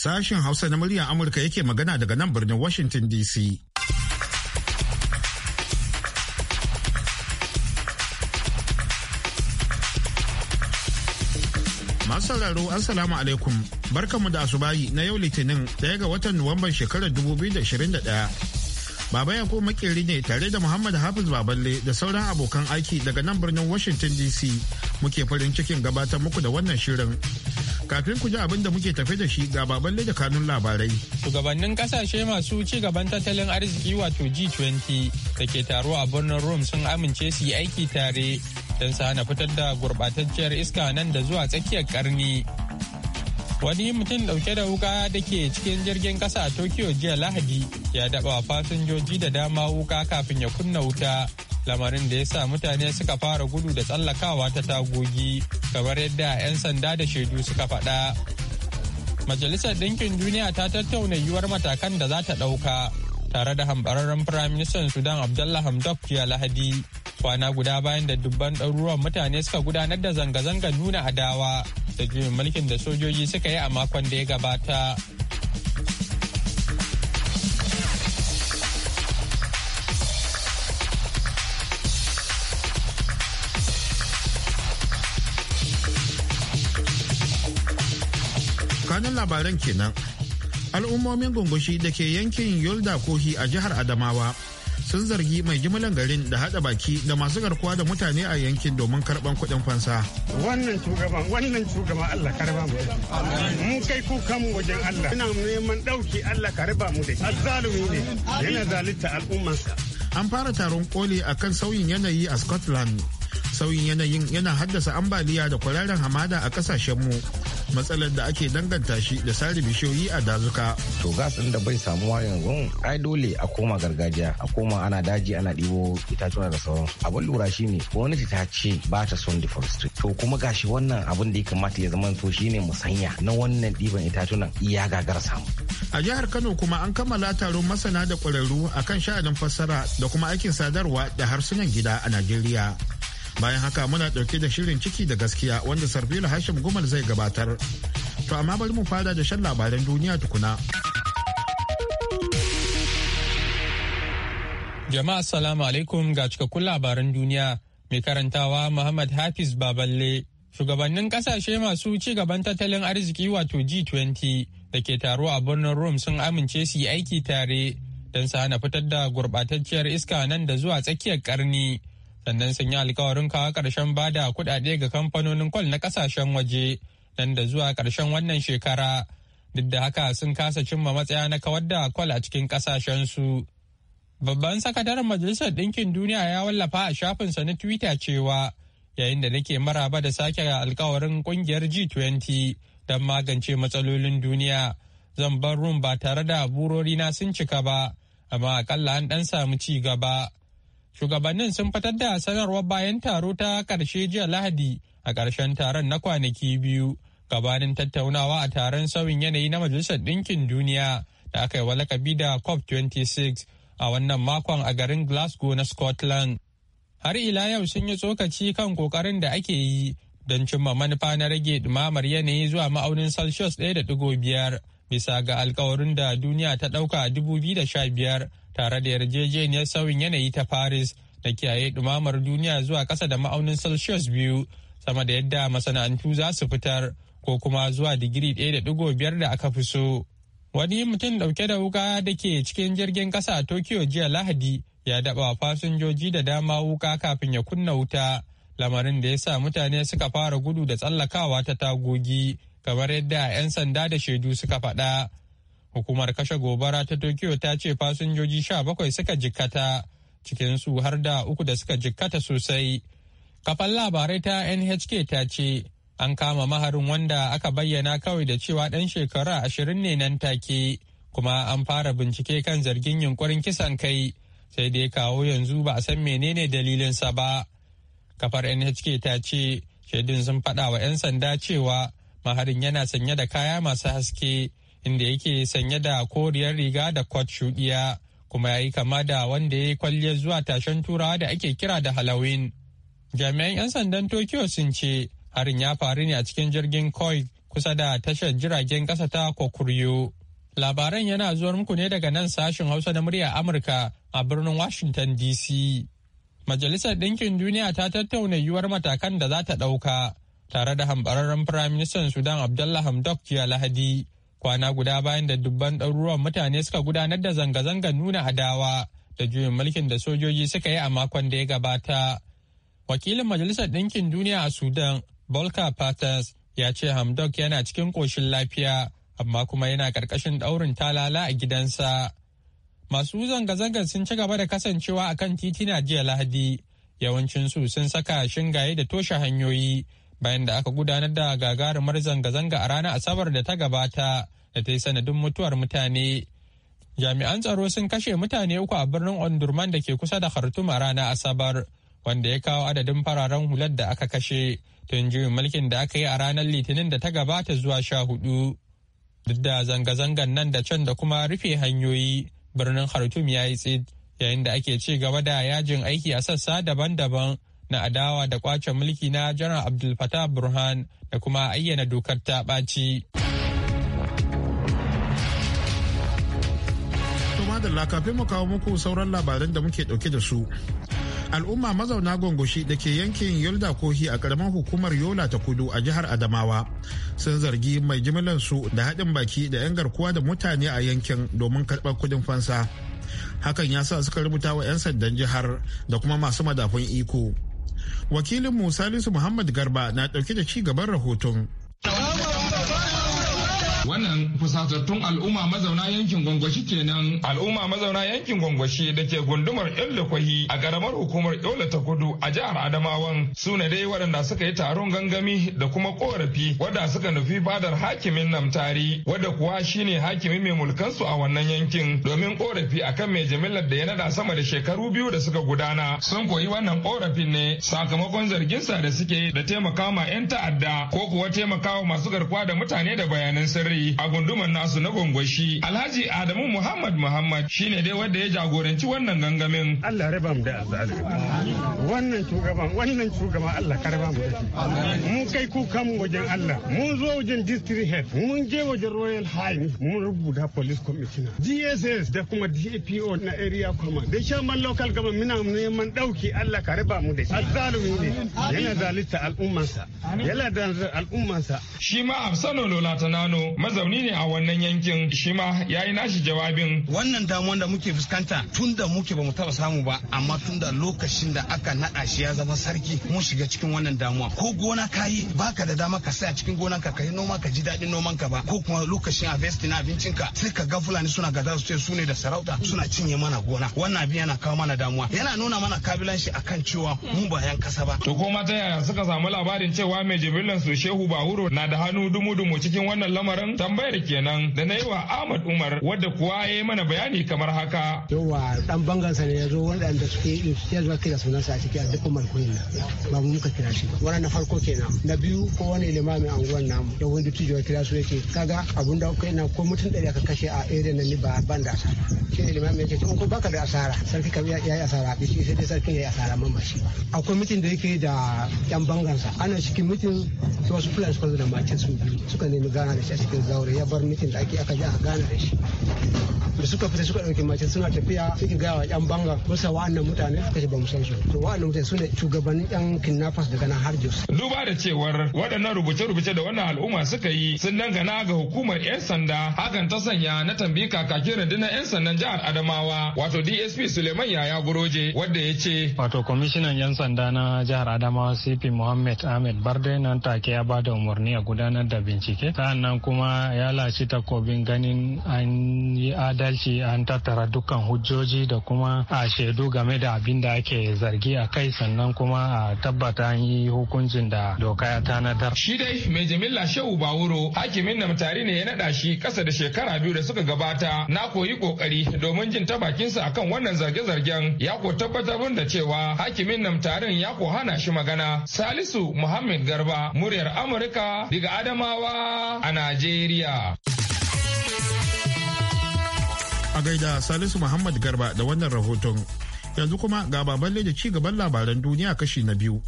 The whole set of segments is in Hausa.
Sashen Hausa na muryar Amurka yake magana daga nan birnin Washington DC. Masu sauraro Assalamu alaikum barkanmu da asubahi na yau litinin ɗaya ga watan Nuwamban shekarar 2021. Baba ya makeri ne tare da Muhammad Hafiz Baballe da sauran abokan aiki daga nan birnin Washington DC muke farin cikin gabatar muku da wannan shirin. Kafin ku ji abin da muke tafe da shi ga baban da kanun labarai. Shugabannin kasashe masu ci gaban tattalin arziki wato G20 da ke taro a birnin Rome sun amince su yi aiki tare don su hana fitar da gurɓatacciyar iska nan da zuwa tsakiyar karni. Wani mutum dauke da wuka da ke cikin jirgin ƙasa a Tokyo jiya Lahadi ya daɓa fasinjoji da dama wuka kafin ya kunna wuta, lamarin da ya sa mutane suka fara gudu da tsallakawa ta tagogi. kamar yadda 'yan sanda da shaidu suka faɗa. Majalisar Ɗinkin Duniya ta tattauna yiwuwar matakan da za ta ɗauka tare da hambararren Firaministan Sudan Abdullah Hamdok jiya Lahadi kwana guda bayan da dubban ɗaruruwan mutane suka gudanar da zanga zanga nuna adawa da juyin mulkin da sojoji suka yi a makon da ya gabata. kanin labaran kenan al'ummomin gungushi da ke yankin yolda kohi a jihar adamawa sun zargi mai jimilan garin da hada baki da masu garkuwa da mutane a yankin domin karban kuɗin fansa. Wannan shugaban wannan shugaban Allah karba mu. Mun kai mu wajen Allah. Ina neman ɗauki Allah karba mu da shi. Azzalumi ne yana zalunta al'ummarsa. An fara taron koli a kan sauyin yanayi a Scotland. Sauyin yanayin yana haddasa ambaliya da kwararren hamada a mu. matsalar da ake danganta shi da sare bishiyoyi a dazuka. To gas ɗin da bai samuwa yanzu ai dole a koma gargajiya a koma ana daji ana ɗibo itatuwa da sauran. Abin lura shi ne wani ta ce ba ta son deforestry. To kuma gashi wannan abin da ya kamata ya zama to ne musanya na wannan ɗiban itatunan iya gagar samu. A jihar Kano kuma an kammala taron masana da ƙwararru akan sha'anin fassara da kuma aikin sadarwa da harsunan gida a Najeriya. bayan haka muna ɗauke da shirin ciki da gaskiya wanda sarbila hashim gumal zai gabatar to amma bari mu fada da shan labaran duniya tukuna jama'a salamu alaikum ga cikakkun labaran duniya mai karantawa muhammad hafiz baballe shugabannin kasashe masu ci gaban tattalin arziki wato g20 da ke taro a birnin rome sun amince su yi aiki tare don su hana fitar da gurɓatacciyar iska nan da zuwa tsakiyar karni sannan sun yi alkawarin kawo ƙarshen ba da kuɗaɗe ga kamfanonin kwal na ƙasashen waje nan da zuwa ƙarshen wannan shekara duk da haka sun kasa cimma matsaya na kawar da kwal a cikin ƙasashensu. Babban sakataren Majalisar Ɗinkin Duniya ya wallafa a shafinsa na Twitter cewa yayin da nake maraba da sake alkawarin ƙungiyar G20 don magance matsalolin duniya zan bar rum ba tare da na sun cika ba amma akalla an ɗan samu ci gaba. shugabannin sun fitar da sanarwar bayan taro ta ƙarshe jiya lahadi a ƙarshen taron na kwanaki biyu gabanin tattaunawa a taron sauyin yanayi na majalisar ɗinkin duniya da aka yi wa lakabi da cop 26 a wannan makon a garin glasgow na scotland har ila yau sun yi tsokaci kan kokarin da ake yi don cimma manufa na rage ɗumamar yanayi zuwa ma'aunin celsius 1.5 bisa ga alkawarin da duniya ta ɗauka a 2015 tare da yarjejeniyar sauyin yanayi ta paris da kiyaye ɗumamar duniya zuwa ƙasa da ma'aunin celsius biyu sama da yadda masana'antu za su fitar ko kuma zuwa digiri ɗaya da ɗigo biyar da aka fi so wani mutum ɗauke da wuka da ke cikin jirgin ƙasa a tokyo jiya lahadi ya daɓa fasinjoji da dama wuka kafin ya kunna wuta lamarin da ya sa mutane suka fara gudu da tsallakawa ta tagogi kamar yadda 'yan sanda da shaidu suka faɗa. Hukumar kashe gobara ta Tokyo ta ce fasinjoji sha bakwai suka jikkata, cikinsu har da uku da suka jikkata sosai. Kafan labarai ta NHK ta ce, an kama maharin wanda aka bayyana kawai da cewa ɗan shekara ashirin ne nan take, kuma an fara bincike kan zargin yunkurin kisan kai, sai dai kawo yanzu ba a san menene dalilinsa ba. Kafar NHK ta ce, shaidun sun faɗa wa 'yan sanda cewa maharin yana sanye da kaya masu haske inda yake sanye da koriyar riga da kwat shuɗiya kuma ya yi kama da wanda ya yi kwalliyar zuwa tashen turawa da ake kira da halloween jami'an 'yan sandan tokyo sun ce harin ya faru ne a cikin jirgin koi kusa da tashar jiragen ƙasa ta kokuryo labaran yana zuwar muku ne daga nan sashen hausa na murya amurka a birnin washington dc majalisar ɗinkin duniya ta tattauna yiwuwar matakan da za ta ɗauka tare da hambararren firaministan sudan abdullah hamdok jiya lahadi kwana guda bayan da dubban ɗaruruwan mutane suka gudanar da zanga-zangar nuna adawa da juyin mulkin da sojoji suka yi a makon da ya gabata wakilin majalisar ɗinkin duniya a sudan bolka paters ya ce hamdok yana cikin ƙoshin lafiya amma kuma yana ƙarƙashin ɗaurin talala a gidansa masu zanga-zangar sun ci gaba da kasancewa akan titina jiya lahadi yawancinsu sun saka shingaye da toshe hanyoyi bayan da aka gudanar da gagarumar zanga-zanga a ranar asabar da ta gabata da ta yi sanadin mutuwar mutane jami'an tsaro sun kashe mutane uku a birnin ondurman da ke kusa da khartoum a ranar asabar wanda ya kawo adadin fararen hular da aka kashe tun juyin mulkin da aka yi a ranar litinin da ta gabata zuwa sha hudu duk da zanga-zangan nan da can da kuma rufe hanyoyi birnin khartoum ya yi tsid yayin da ake ci gaba da yajin aiki a sassa daban-daban na adawa da kwace mulki na janar abdul fatah burhan da kuma ayyana dokar ta ɓaci. madalla kafin mu kawo muku sauran labaran da muke dauke da su al'umma mazauna gongoshi da ke yankin yolda kohi a karamar hukumar yola ta kudu a jihar adamawa sun zargi mai jimilan su da haɗin baki da 'yan garkuwa da mutane a yankin domin karɓar kudin fansa hakan ya sa suka rubuta wa 'yan sandan jihar da kuma masu madafun iko wakilin musalisu muhammad garba na dauke da ci gaban rahoton Wannan fusatattun al'umma mazauna yankin Gwangwashi kenan. Al'umma mazauna yankin Gwangwashi da ke gundumar Yola a ƙaramar hukumar Yola ta Kudu a jihar Adamawan su ne dai waɗanda suka yi taron gangami da kuma korafi wadda suka nufi fadar hakimin Namtari wadda kuwa shine hakimi mai mulkansu a wannan yankin domin korafi akan mai jimillar da ya nada sama da shekaru biyu da suka gudana sun koyi wannan korafin ne sakamakon zarginsa da suke da taimakawa 'yan ta'adda ko kuwa taimakawa masu garkuwa da mutane da bayanan sirri. sirri a gundumar nasu na gwangwashi alhaji adamu muhammad muhammad shine dai wanda ya jagoranci wannan gangamin allah raba mu da wannan shugaban wannan shugaban allah ka raba mu da shi mun kai kuka mu wajen allah mun zo wajen district head mun je wajen royal high mun rubuta police commissioner dss da kuma dpo na area command da shaman local government muna neman dauki allah ka raba mu da shi azzalumi ne yana zalunta al'ummansa yana da al'ummansa shi ma absano lola nano mazauni ne a wannan yankin shi ma ya yi nashi jawabin. Wannan damuwan da muke fuskanta tun da muke ba mu taba samu ba amma tun da lokacin da aka naɗa shi ya zama sarki mun shiga cikin wannan damuwa ko gona ka yi ba ka da dama ka saya cikin gonan ka ka yi noma ka ji daɗin noman ka ba ko kuma lokacin harvest na abincin ka sai ka ga fulani suna gada su ce su ne da sarauta suna cinye mana gona wannan abin yana kawo mana damuwa yana nuna mana kabilan shi akan cewa mu ba yan kasa ba. To ko ma ta yaya suka samu labarin cewa mai jibrilan su Shehu Bahuro na da hannu dumu-dumu cikin wannan lamarin tambayar kenan da na yi wa Ahmad Umar wadda kuwa ya yi mana bayani kamar haka. Yawa dan bangansa ne ya zo waɗanda suke ya zuwa kira sunansa a ciki a dukkan malkuyin nan ba mu muka kira shi ba. na farko kenan. Na biyu ko wani a unguwar namu da wani dattijo ya kira su yake kaga abun da kai na ko mutum ɗari aka kashe a area nan ni ba ban da asara. Shi ne limamin yake ce ko baka da asara sarki kabi ya yi asara bi sai dai sarkin ya yi asara man ba shi ba. Akwai mutum da yake da yan bangansa ana cikin mutum wasu fulani suka zo da macen su biyu suka nemi gana da shi a malam ya bar mitin da ake aka ji a gana da shi da suka fita suka ɗauki mace suna tafiya suke gaya wa yan banga musa wa'annan mutane aka ce ba san su to wa'annan mutane su ne shugabannin yan kidnappers daga nan har jos duba da cewar waɗannan rubuce-rubuce da wannan al'umma suka yi sun dangana ga hukumar yan sanda hakan ta sanya na tambayi kakakin rundunar yan sandan jihar adamawa wato dsp suleiman yaya guroje wadda ya ce wato kwamishinan yan sanda na jihar adamawa cp muhammad ahmed barde nan take ya bada umarni a gudanar da bincike sa'annan kuma ya lashi takobin ganin an yi adalci an tattara dukkan hujjoji da kuma a shaidu game da abin da ake zargi a kai sannan kuma a tabbata an yi hukuncin da doka ya tanadar. Shi dai mai jimilla Shehu Bawuro hakimin na mutari ne ya naɗa shi kasa da shekara biyu da suka gabata na koyi kokari domin jin ta bakinsa akan wannan zarge-zargen ya ko tabbatar da cewa hakimin na mutarin ya ko hana shi magana. Salisu Muhammad Garba muryar Amurka daga Adamawa a Najeriya. Najeriya. A gaida Salisu Muhammad Garba da wannan rahoton. Yanzu kuma ga baban da ci gaban labaran duniya kashi na biyu.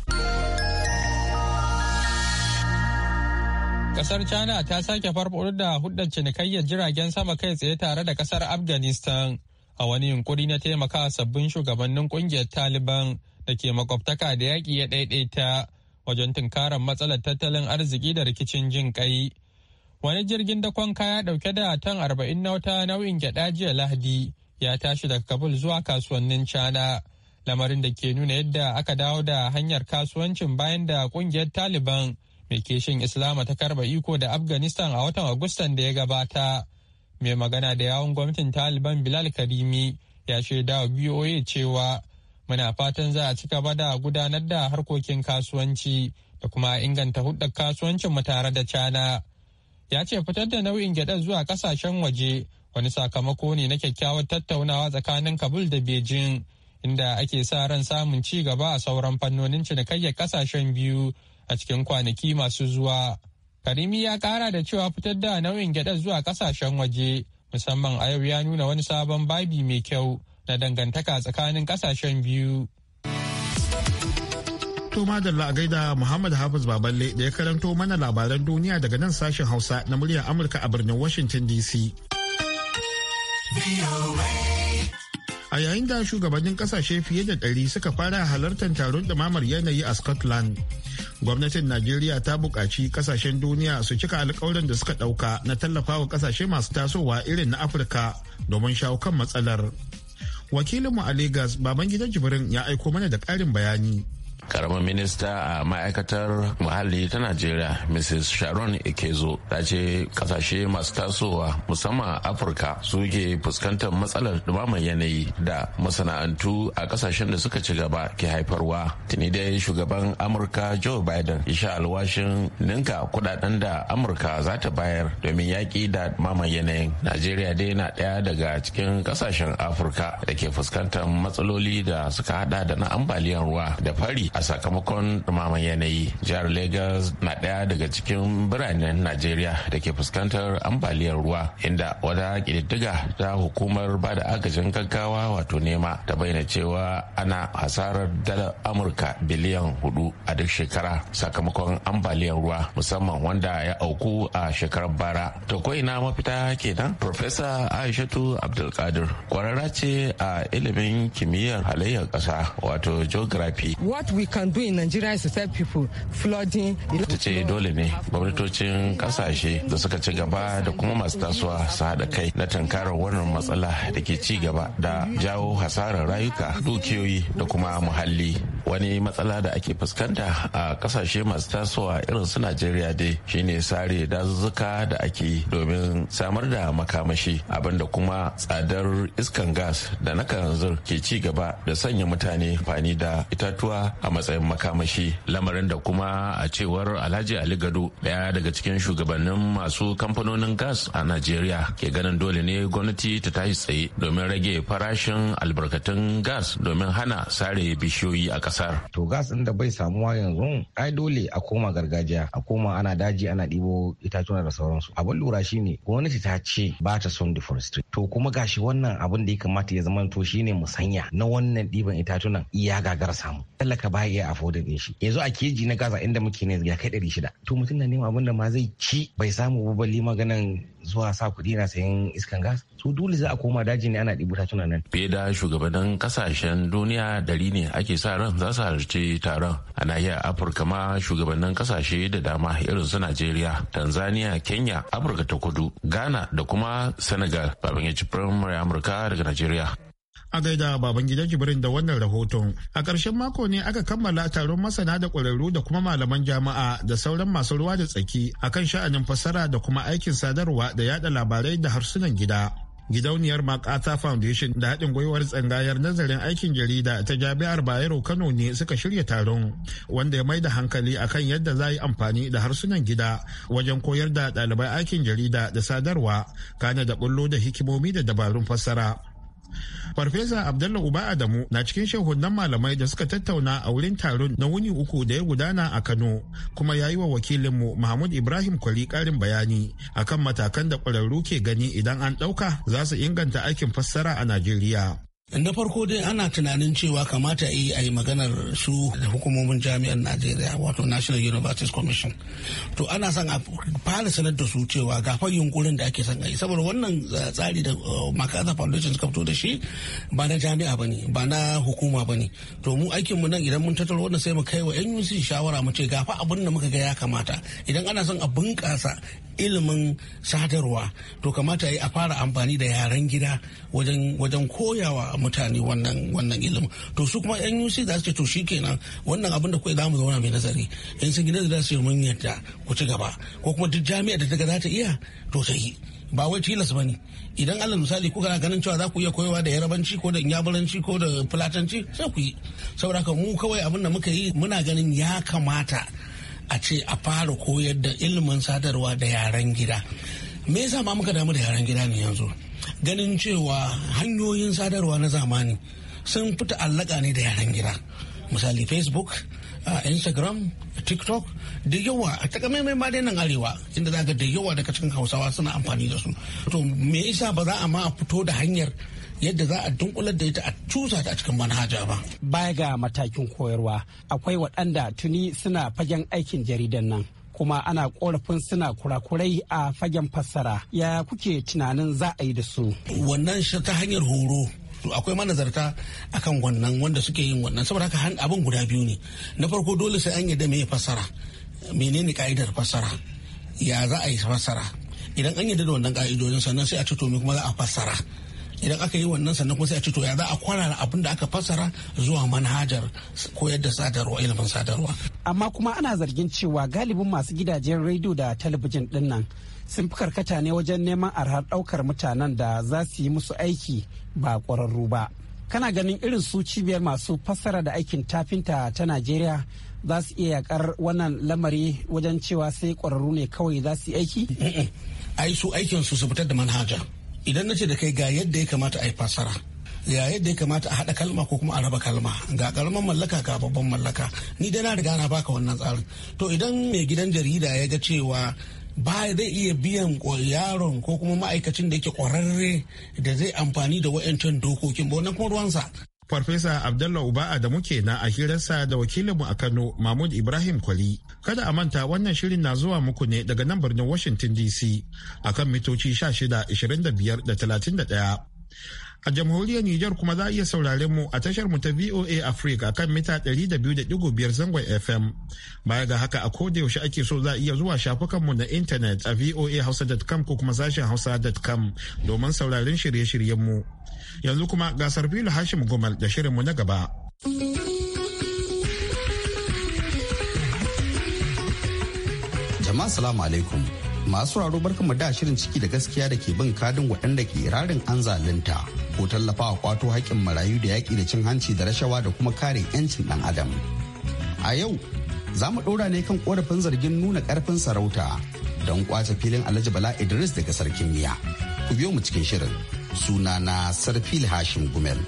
Kasar China ta sake farfaɗo da hudar cinikayyar jiragen sama kai tsaye tare da kasar Afghanistan a wani yunkuri na taimaka sabbin shugabannin kungiyar Taliban da ke makwabtaka da yaƙi ya ɗaiɗaita wajen tunkarar matsalar tattalin arziki da rikicin jin wani jirgin dakon kaya dauke da tan arba'in na wata nau'in gyada jiya lahadi ya tashi daga kabul zuwa kasuwannin china lamarin da ke nuna yadda aka dawo da hanyar kasuwancin bayan da kungiyar taliban mai keshin islama ta karba iko da afghanistan a watan agustan da ya gabata mai magana da yawon gwamnatin taliban bilal karimi ya shaida wa boa cewa muna fatan za a ci gaba da gudanar da harkokin kasuwanci da kuma inganta hudda kasuwancin mu tare da cana ya ce fitar da nau'in gyaɗar zuwa ƙasashen waje wani sakamako ne na kyakkyawar tattaunawa tsakanin kabul da beijing inda ake sa ran samun ci gaba a sauran fannonin cinikayyar ƙasashen biyu a cikin kwanaki masu zuwa karimi ya ƙara da cewa fitar da nau'in gyaɗar zuwa ƙasashen waje musamman a yau ya nuna wani sabon babi mai kyau na dangantaka tsakanin ƙasashen biyu To da a gaida Muhammad Hafiz Baballe da ya karanto mana labaran duniya daga nan sashen Hausa na muryar Amurka a birnin Washington DC. A yayin da shugabannin kasashe fiye da ɗari suka fara halartar taron ɗumamar yanayi a Scotland. Gwamnatin Najeriya ta buƙaci kasashen duniya su cika alkawarin da suka ɗauka na tallafawa kasashe masu tasowa irin na Afirka domin shawo kan matsalar. Wakilinmu a Legas, Babangida Jibrin ya aiko mana da ƙarin bayani. karamar minista a ma'aikatar muhalli ta najeriya mrs sharon ikezo ta ce kasashe masu tasowa musamman afirka suke fuskantar matsalar dumamar yanayi da masana'antu a kasashen da suka ci gaba ke haifarwa tuni dai shugaban amurka joe biden isha alwashin ninka kudaden da amurka za ta bayar domin yaƙi da dumaman yanayin najeriya dai na ɗaya daga cikin kasashen afirka da ke fuskantar matsaloli da suka hada da na ambaliyar ruwa da fari a sakamakon dumaman yanayi jihar lagos na ɗaya daga cikin biranen najeriya da ke fuskantar ambaliyar ruwa inda wata kididdiga ta hukumar ba da agajin gaggawa wato nema ta bayyana cewa ana hasarar dala amurka biliyan hudu a duk shekara sakamakon ambaliyar ruwa musamman wanda ya auku a shekarar bara to ko ina mafita kenan Profesa aishatu abdulkadir kwararra ce a ilimin kimiyyar halayyar ƙasa wato geography what we can do in Nigeria is to tell people flooding. Ta ce dole ne gwamnatocin kasashe da suka ci gaba da kuma masu tasowa su haɗa kai na tankarar wannan matsala da ke ci gaba da jawo hasarar rayuka dukiyoyi da kuma muhalli. wani matsala da ake fuskanta a kasashe masu tasowa irin su najeriya dai shine sare dazuzzuka da ake domin samar da makamashi abinda kuma tsadar iskan gas da na kanzir ke ci gaba da sanya mutane amfani da itatuwa a matsayin makamashi lamarin da kuma a cewar alhaji ali gado daya daga cikin shugabannin masu kamfanonin gas a najeriya ke ganin dole ne gwamnati ta tashi tsaye domin rage farashin albarkatun gas domin hana sare bishiyoyi a kasar. To gas ɗin da bai samuwa yanzu ai dole a koma gargajiya a koma ana daji ana ɗibo itatuwa da sauransu. Abin lura shi ne gwamnati ta ce ba ta son deforestry. To kuma gashi wannan abin da ya kamata ya zama to ne musanya na wannan ɗiban itatunan iya gagar samu. Talaka ba iya affording ɗin shi. Yanzu a keji na gaza inda muke ne ya kai ɗari shida. To mutum na neman abin da ma zai ci bai samu ba balli maganan zuwa sa kuɗi na sayan iskan gas su dole za a koma daji ne ana ɗibuta tuna nan. fiye da shugabannin kasashen duniya dari ne ake sa ran za su halarci taron a nahiyar afirka ma shugabannin kasashe da dama irin su najeriya tanzania kenya afirka ta kudu ghana da kuma senegal babban ya ci firamare amurka daga najeriya. A gaida baban gidan Jibrin da wannan rahoton. A ƙarshen mako ne aka kammala taron masana da ƙwararru da kuma malaman jama'a da sauran masu ruwa da tsaki a kan sha'anin fassara da kuma aikin sadarwa da yada labarai da harsunan gida. Gidauniyar Makata Foundation da haɗin gwiwar tsangayar nazarin aikin jarida ta Jami'ar Bayero Kano ne suka shirya taron wanda ya mai da hankali akan yadda za yi amfani da harsunan gida wajen koyar da ɗalibai aikin jarida da sadarwa kana da bullo da hikimomi da dabarun fassara. Farfesa Abdalla Uba Adamu na cikin shehunan malamai da suka tattauna a wurin taron na wuni uku da ya gudana a Kano kuma ya yi wa wakilinmu Mahmud Ibrahim Kwali karin bayani akan matakan da ƙwararru ke gani idan an ɗauka za su inganta aikin fassara a Najeriya. na farko dai ana tunanin cewa kamata yi a yi maganar su da hukumomin jami'ar najeriya wato national universities commission to ana son a fara sanar da su cewa ga yunkurin da ake son a yi saboda wannan eh, tsari da eh, makasa foundation suka fito da shi ba na jami'a ba ne ba na hukuma ba ne to mu aikin mu nan idan mun tattaro wannan sai mu kai wa nuc shawara mu ce gafa abun da muka ga ya kamata idan ana son a bunƙasa ilimin sadarwa to kamata yi a fara amfani da yaren gida wajen wajen koyawa mutane wannan wannan ilimin to su kuma yan yusi da ce to kenan wannan abin da kuwa zamu zauna mai nazari in sun gina da su mun yadda ku ci gaba ko kuma duk jami'a da ta ga za ta iya to ta yi ba wai tilas ba ne idan allah misali kuka ganin cewa za ku iya koyawa da yarabanci ko da inyamuranci ko da fulatanci sai ku yi saboda ka mu kawai abin da muka yi muna ganin ya kamata a ce a fara koyar da ilimin sadarwa da yaren gida me yasa ma muka damu da yaren gida ne yanzu ganin cewa hanyoyin sadarwa na zamani sun fita allaka ne da yaran gida misali facebook ah, instagram tiktok da yawa a takamaimai ma dai nan arewa inda za ga da yawa daga cikin hausawa suna amfani da su to me yasa ba za a ma fito da hanyar yadda za a dunkular da ita a cusa ta a cikin manhaja ba. Baya ga matakin koyarwa akwai waɗanda tuni suna fagen aikin jaridan nan kuma ana korafin suna kurakurai a fagen fassara ya kuke tunanin za a yi da su wannan shi ta hanyar horo akwai manazarta akan wannan wanda suke yin wannan saboda haka abin guda biyu ne na farko dole sai an yadda mai fassara menene ka'idar fassara ya za a yi fassara idan an yadda da wannan ka'idojin sannan sai a ci kuma za a fassara idan aka yi wannan sannan kuma sai a ce to ya za a kwarara abin da aka fassara zuwa manhajar koyar da sadarwa ilimin sadarwa amma kuma ana zargin cewa galibin masu gidajen rediyo da talabijin din nan sun fi karkata ne wajen neman arhar daukar mutanen da za su yi musu aiki ba kwararru ba kana ganin irin su cibiyar masu fassara da aikin tafinta ta najeriya za su iya yakar wannan lamari wajen cewa sai kwararru ne kawai za su aiki ai su aikin su su fitar da manhaja idan na ce da kai ga yadda ya kamata a yi fasara ya yadda ya kamata a haɗa kalma ko kuma a raba kalma ga karamin mallaka ga babban mallaka ni dai na riga na baka wannan tsarin to idan mai gidan jarida ya ga cewa ba zai iya biyan yaron ko kuma ma'aikacin da yake kwararre da zai amfani da wa'yancan dokokin ba wannan kuma ruwansa Farfesa uba'a da muke na a hirarsa da wakilinmu a Kano Mahmud Ibrahim Kwali. Kada a manta wannan shirin na zuwa muku ne daga nan birnin Washington DC a kan mitoci 16, 25 da 31. A jamhuriyar Nijar kuma za a iya saurare mu a tashar mu ta VOA Africa kan mita 200.5 zangon FM. Baya ga haka a koda yaushe ake so za a iya zuwa shafukan mu na intanet a voahausa.com ko kuma sashen hausa.com domin sauraren shirye-shiryen mu. Yanzu kuma gasar Filo Hashim Gumal da shirin mu na gaba. Jama'a salamu alaikum. masu raro barkanmu da shirin ciki da gaskiya da ke bin kadin waɗanda ke irarin an zalunta ko tallafawa kwato haƙƙin marayu da yaƙi da cin hanci da rashawa da kuma kare 'yancin ɗan adam a yau za mu ɗora ne kan ƙorafin zargin nuna ƙarfin sarauta don ƙwace filin alhaji bala idris daga sarkin miya ku biyo mu cikin shirin suna na sarfil hashim gumel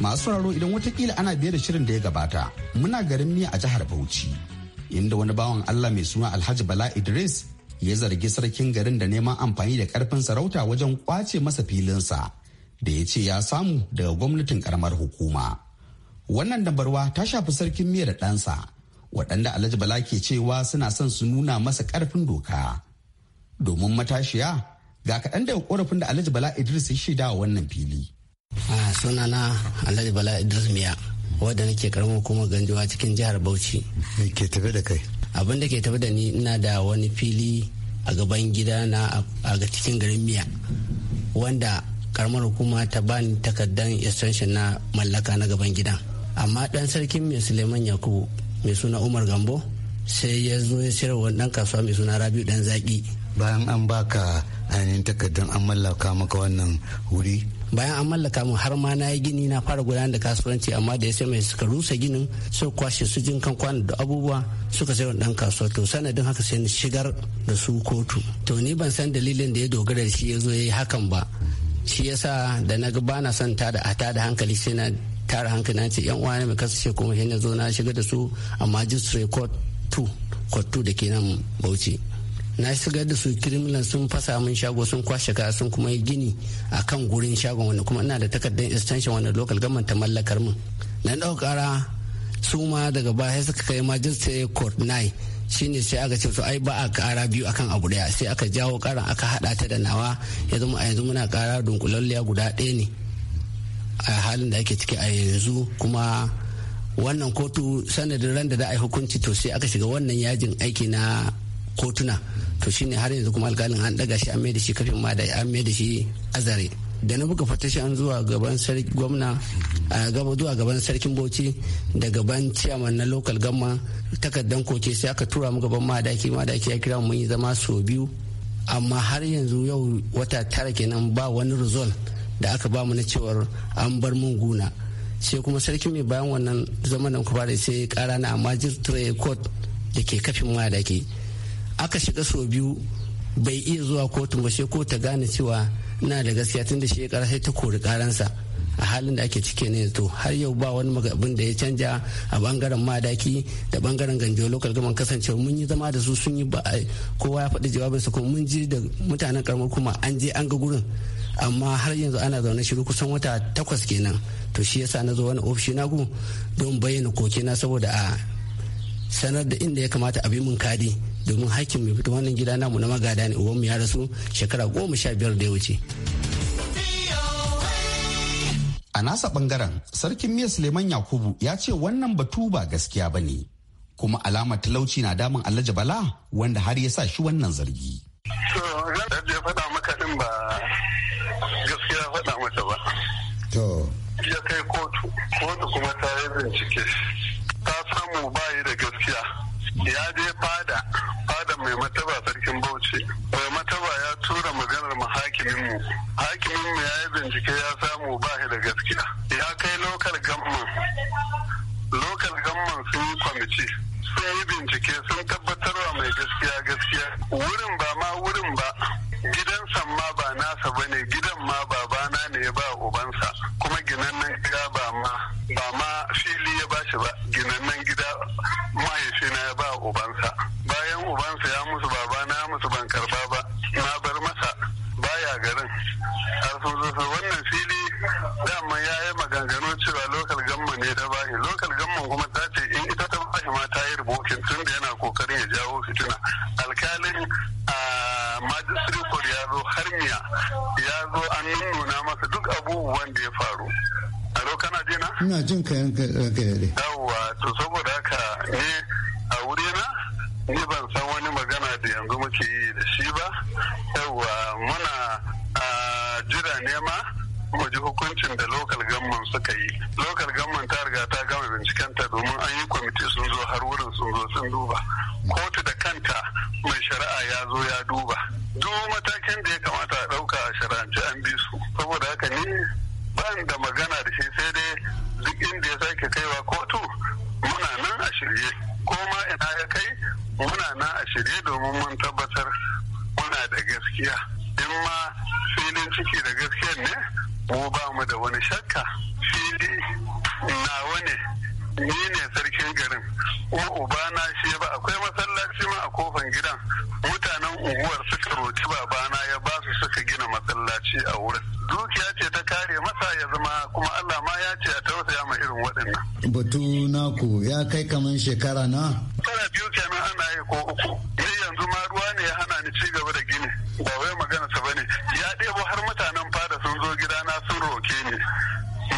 masu sauraro idan watakila ana biyar da shirin da ya gabata muna garin miya a jihar bauchi inda wani bawan Allah mai suna Alhaji Bala Idris ya zargi sarkin garin da neman amfani da karfin sarauta wajen kwace masa filinsa da ya ce ya samu daga gwamnatin karamar hukuma. Wannan dabarwa ta shafi sarkin miya da ɗansa waɗanda Alhaji Bala ke cewa suna son su nuna masa karfin doka. Domin matashiya ga kaɗan daga ƙorafin da Alhaji Bala Idris ya shaida wannan fili. Ah, sunana Alhaji Bala Idris Miya. wadda nake karamar hukumar ganjuwa cikin jihar bauchi me ke tafi da kai abin da ke tafi da ni ina da wani fili a gaban gida na a cikin garin miya wanda karamar hukuma ta bani takardar extension na mallaka na gaban gidan amma dan sarkin mai suleiman yakubu mai suna umar gambo sai ya zo ya sayar wa dan kasuwa mai suna rabiu dan zaki bayan an baka ainihin takardar an mallaka maka wannan wuri bayan an mallaka mu har ma na yi gini na fara gudanar da kasuwanci amma da ya sai mai suka rusa ginin suka kwashe su jin kan kwana da abubuwa suka sai dan kasuwa to sanadin haka sai ni shigar da su kotu to ni ban san dalilin da ya dogara da shi ya zo ya yi hakan ba shi yasa da na ga na son ta da ata da hankali sai na tara hankali na ce yan uwa ne mai kasance kuma shi na zo na shiga da su amma just record 2 court 2 da ke nan bauchi na shigar da su kirimlan sun fasa min shago sun kwashe ka sun kuma yi gini a kan gurin shagon wanda kuma ina da takardar extension wanda local government ta mallakar min na ɗau kara su ma daga baya suka kai majistare court 9 shine sai aka ce su ai ba a kara biyu akan abu daya sai aka jawo karan aka hada ta da nawa ya zama a yanzu muna kara dunkulalliya guda ɗaya ne a halin da ake ciki a yanzu kuma wannan kotu sanadin ran da da a hukunci to sai aka shiga wannan yajin aiki na kotuna to shine har yanzu kuma alkalin an daga shi an mai da shi karfin ma da an mai da shi azare da na buga fatashi an zuwa gaban sarki gwamna a gaba zuwa gaban sarkin bauchi da gaban ciyaman na local gamma takardan koke sai aka tura mu gaban madaki madaki ya kira mun yi zama sau biyu amma har yanzu yau wata tara kenan ba wani result da aka ba mu na cewar an bar mun guna sai kuma sarki mai bayan wannan zaman da muka fara sai kara na amma court da ke kafin madaki aka shiga sau biyu bai iya zuwa kotun ba sai ko ta gane cewa na da gaskiya tun da shi ya karasai sai ta kori karansa a halin da ake cike ne to har yau ba wani abin da ya canja a bangaren madaki da bangaren ganjo local gaman kasancewa mun yi zama da su sun yi kowa ya faɗi jawabin jawabinsa kuma mun ji da mutanen karamar kuma an je an ga gurin amma har yanzu ana zaune shiru kusan wata takwas kenan to shi yasa na zo wani ofishi na gu don bayyana na saboda a sanar da inda ya kamata a bi mun kadi domin hakkin mai fita wannan gida namu na magada ne uwanmu ya rasu shekara goma sha biyar da ya wuce. A nasa bangaren sarkin miya Suleiman Yakubu ya ce wannan batu ba gaskiya ba ne kuma alamar talauci na damun Alhaji Bala wanda har ya sa shi wannan zargi. ya faɗa Ya kai kotu, kotu kuma ta yi bincike. Ta samu bayi da gaskiya. Ya je fada mai mataba sarkin bauchi mai mataba ya tura maganar mu hakimin mu hakimin mu ya yi bincike ya samu ba shi da gaskiya ya kai lokal gamman lokal gamman sun yi kwamiti sun yi bincike sun tabbatarwa mai gaskiya gaskiya wurin ba ma wurin ba kana jin kayan gare. Eh, in ma filin ciki da gaskiyar ne mu ba mu da wani shakka fili nawa ne ni ne sarkin garin kuma ubana shi ba akwai masallaci ma a kofan gidan mutanen unguwar suka roci babana ya ba su suka gina masallaci a wurin dukiya ce ta kare masa ya zama kuma Allah ma ya ce a tausaya ma irin waɗannan. Batu ku ya kai kaman shekara na? Shekara biyu kenan ana yi ko uku. Ni yanzu ma ruwa ne ya hana ni ci gaba da gini. ba wai magana sa bane ya ɗebo har mutanen fada sun zo gida na sun roke ni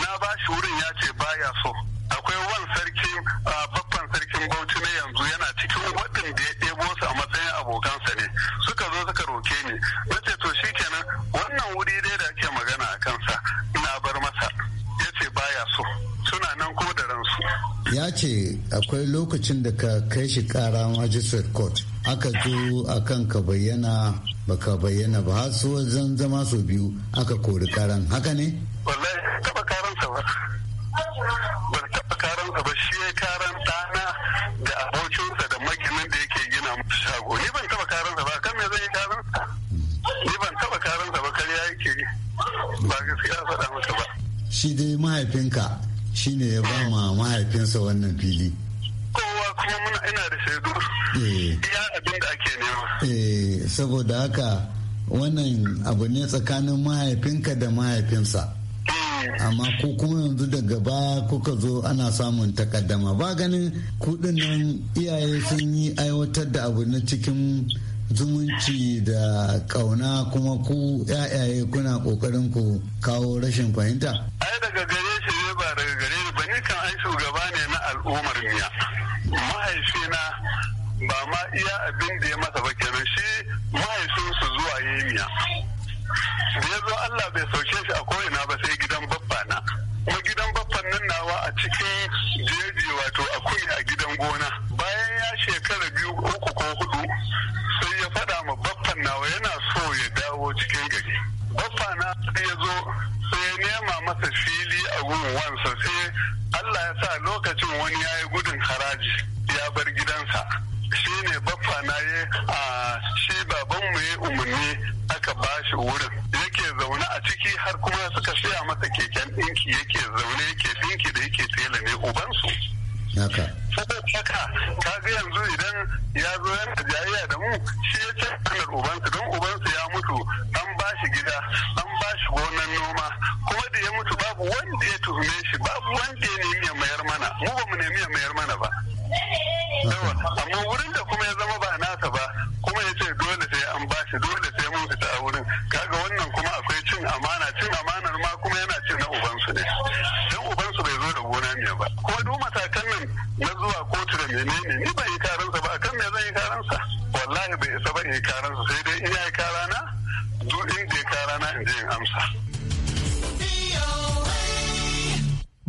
na ba shi wurin ya ce baya so akwai wan sarki a babban sarkin bauchi na yanzu yana cikin waɗanda ya ɗebo su a matsayin abokansa ne suka zo suka roke ni na ce to shi kenan, wannan wuri dai da ake magana a kansa na bar masa ya ce baya so suna nan ko da ransu ya ce akwai lokacin da ka kai shi kara majistrate court aka zo akan ka bayyana baka bayyana ba har su wajen zama sau biyu aka kori karan haka ne? wallahi taba karansa ba ba taba karansa ba shi ya karan ɗana da abokinsa da makinin da yake gina musu shago ni ban taba karansa ba kan me zai yi karansa ni ban taba karansa ba kariya yake yi. ba gaskiya faɗa maka ba shi dai mahaifinka shi ne ya ba ma mahaifinsa wannan fili kowa kuma muna ina da shaidu eh. ya Eh, saboda haka wannan abu ne tsakanin mahaifinka da mahaifinsa amma ko kuma yanzu daga baya kuka zo ana samun takaddama ba ganin kudin nan iyaye sun yi aiwatar da abu na cikin zumunci da kauna kuma ku yayaye kuna kokarin ku kawo rashin fahimta ai daga gare shi ne ba daga gare ni ba ni kan ai shugaba ne na al'ummar miya mahaifina ba ma iya abin da ya masa ba kenan shi mahaifinsu zuwa yemiya da ya zo Allah bai sauke shi a ko'ina ba sai gidan babba na kuma gidan babban nan nawa a cikin jeji wato kunya a gidan gona bayan ya shekara biyu uku ko hudu sai ya faɗa ma babban nawa yana so ya dawo cikin gari babba na ya zo sai ya nema masa fili a gun wansa sai Allah ya sa lokacin wani ya yi gudun haraji ne baffa na yi a shi mu ya umarni aka bashi wurin yake zaune a ciki har kuma suka saya masa keken ɗinki yake zaune yake ɗinki da yake tela ne ubansu haka haka kaga yanzu idan ya zo yana jayayya da mu shi ya ce uban ubansa don ubansa ya mutu an ba shi gida an ba shi gonan noma kuma da ya mutu babu wanda ya tuhume shi babu wanda ya nemi ya mayar mana mu ba mu nemi ya mayar mana ba menene ni ban yi sa ba akan me zan yi wallahi bai isa ba in sa sai dai in kara na duk in in amsa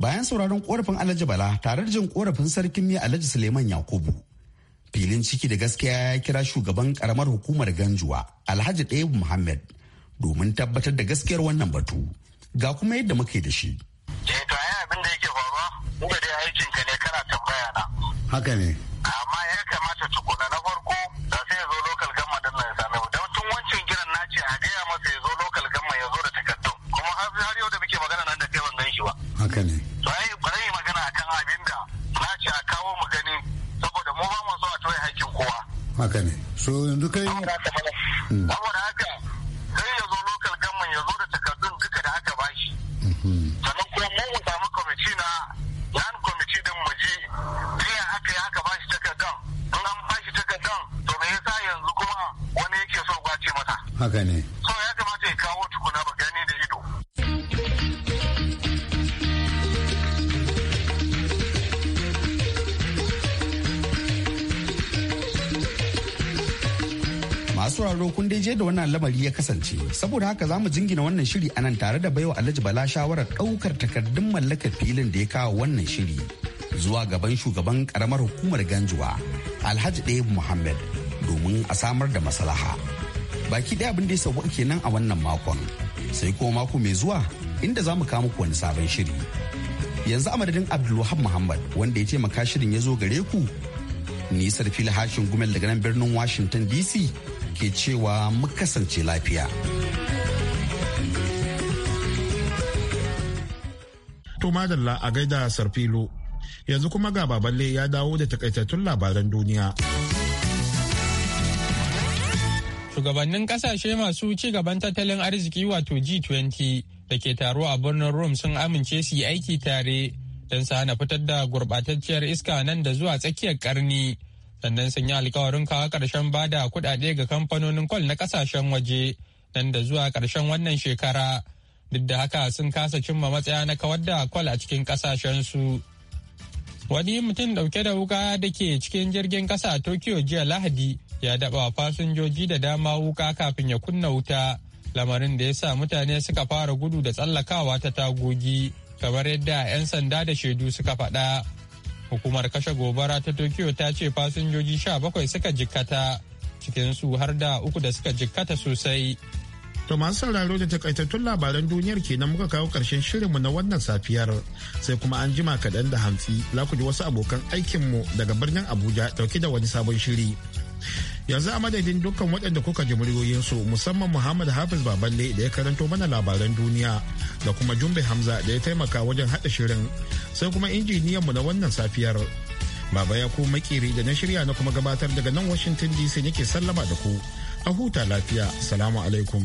bayan sauraron korafin alhaji bala tare da jin korafin sarkin ne alhaji suleiman yakubu filin ciki da gaskiya ya kira shugaban karamar hukumar ganjuwa alhaji ɗaya muhammad domin tabbatar da gaskiyar wannan batu ga kuma yadda muke da shi. Eh, to ai abin da yake faruwa inda dai aikin ka ne kana tambaya na haka ne amma ya kamata tukuna na farko da sai ya zo lokal gamma din nan sanar da tun wancan giran na ce a gaya masa ya zo lokal gamma ya zo da takardun kuma har yau da muke magana nan da kai ban gan shi ba haka ne to ai ba zan yi magana akan abin da na ce a kawo mu gani saboda mu ba mu so a toye hakkin kowa haka ne so yanzu kai saboda haka hmm. wannan lamari ya kasance saboda haka za mu jingina wannan shiri anan tare da baiwa alhaji bala shawarar ɗaukar takardun mallakar filin da ya kawo wannan shiri zuwa gaban shugaban karamar hukumar ganjuwa alhaji ɗaya muhammad domin a samar da maslaha baki ɗaya abin da ya sauwa kenan a wannan makon sai kuma mako mai zuwa inda za mu kawo muku wani sabon shiri yanzu a madadin abdulwahab muhammad wanda ya taimaka shirin ya zo gare ku da fili hashin gumel daga nan birnin washington dc ke cewa mu kasance lafiya. To madalla a gaida sarfilo yanzu kuma ga baballe ya dawo da takaitattun labaran duniya. Shugabannin kasashe masu ci gaban tattalin arziki wato G20 da ke taro a birnin Rome sun amince su yi aiki tare don sa fitar da gurɓatacciyar iska nan da zuwa tsakiyar karni sannan sun yi alkawarin kawo ƙarshen ba da kuɗaɗe ga kamfanonin kwal na ƙasashen waje nan da zuwa ƙarshen wannan shekara duk da haka sun kasa cimma matsaya na kawar da kwal a cikin su. wani mutum ɗauke da wuka da ke cikin jirgin ƙasa a tokyo jiya lahadi ya daɓa fasinjoji da dama wuka kafin ya kunna wuta lamarin da ya sa mutane suka fara gudu da tsallakawa ta tagogi kamar yadda 'yan sanda da shaidu suka faɗa. Hukumar kashe gobara ta Tokyo ta ce fasinjoji sha bakwai suka jikkata cikinsu har da uku da suka jikkata sosai. To masu sauraro da takaitattun labaran duniyar kenan muka kawo ƙarshen shirinmu na wannan safiyar sai kuma an jima kaɗan da hantsi za ku ji wasu abokan aikinmu daga birnin Abuja ɗauke da wani sabon shiri. yanzu a madadin dukkan waɗanda kuka ji muryoyinsu musamman muhammad hafiz baballe da ya karanto mana labaran duniya da kuma jumbe hamza da ya taimaka wajen haɗa shirin sai kuma injiniyanmu na wannan safiyar baba ya ku makiri da na shirya na kuma gabatar daga nan washington dc nake sallama da ku a huta lafiya salamu alaikum